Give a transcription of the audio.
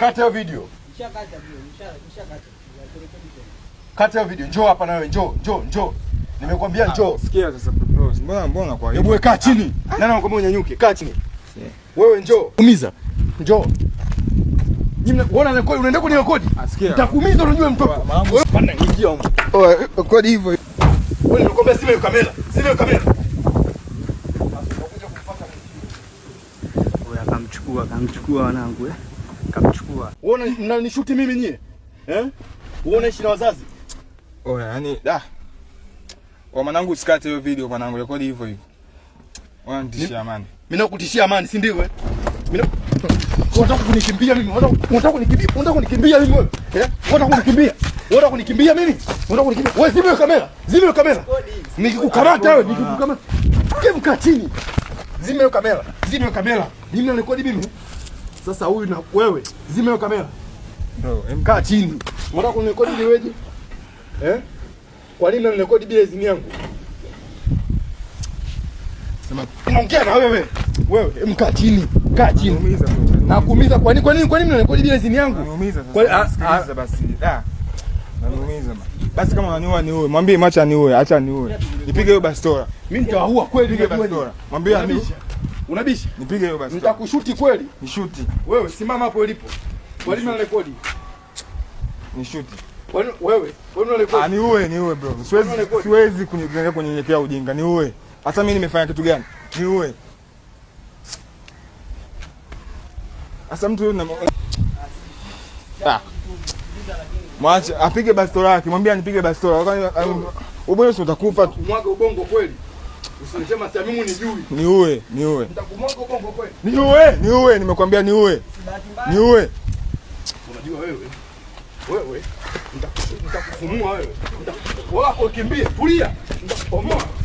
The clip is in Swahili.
Kata hiyo video. Kata hiyo video. Njoo hapa na wewe. njoo, njoo, njoo. Nimekuambia ah, njoo. Sikia sasa propose. Mbona mbona kwa hiyo? Hebu kaa chini. Ah. Nani anakuambia unyanyuke? Kaa chini. Wewe njoo. Umiza. Njoo. Unaona na kodi unaenda kunirekodi? Ah, Nitakuumiza unajua mtoto. Bana ingia huko. Oh, kodi hivyo. Wewe nimekwambia sima ya kamera. Sima ya kamera. Wewe Akamchukua, akamchukua wanangu eh kamchukua. Wewe mnanishuti mimi nyie? Eh? Wewe unaishi na wazazi? Oh, yani da. Kwa mwanangu usikate hiyo video mwanangu, rekodi hivyo hivyo. Wewe nitishia amani. Mimi nakutishia amani, si ndio wewe? Eh? Mimi unataka kunikimbia mimi? Unataka kunikimbia? Unataka kunikimbia mimi wewe? Eh? Unataka kunikimbia? Unataka kunikimbia mimi? Unataka kunikimbia? Wewe zima hiyo kamera. Zima hiyo kamera. Nikikukamata wewe, nikikukamata. Kemka chini. Zima hiyo kamera. Zima hiyo kamera. Mimi narekodi mimi. Sasa huyu na wewe, zima hiyo kamera. Ndio, kaa chini. Unataka kunirekodi weje? Eh? Kwa nini unanirekodi bila izini yangu? Sema, ongea na wewe. Wewe, mkaa chini. Kaa chini. Nakuumiza kwa nini? Kwa nini? Kwa nini unanirekodi bila izini yangu? Naumiza sasa. Sikiliza basi. Ah. Naumiza. Basi kama unaniua ni wewe. Mwambie macha ni wewe, acha ni wewe. Nipige hiyo bastola. Mimi nitawaua kweli hiyo bastola. Mwambie amisha. Unabisha? Nipige hiyo basi. Nitakushuti kweli? Nishuti. Wewe simama hapo ulipo. Mwalimu anarekodi. Nishuti. Wewe wewe unarekodi. Ah, ni uwe ni uwe bro. Siwezi siwezi kunyenyekea kunyenyekea ujinga. Ni uwe. Hata mimi nimefanya kitu gani? Ni uwe. Asa mtu yule na Ah. Mwache apige bastola yake. Mwambie anipige bastola. Um, ubongo utakufa. Mwaga ubongo kweli. Usinisema sasa mimi nijui. Niue, niue. Nitakumwaga ubongo kweli. Niue, niue, nimekwambia niue. Niue. Unajua wewe? Wewe nitakufunua wewe. Wala ukimbie, tulia. Nitakupomoa.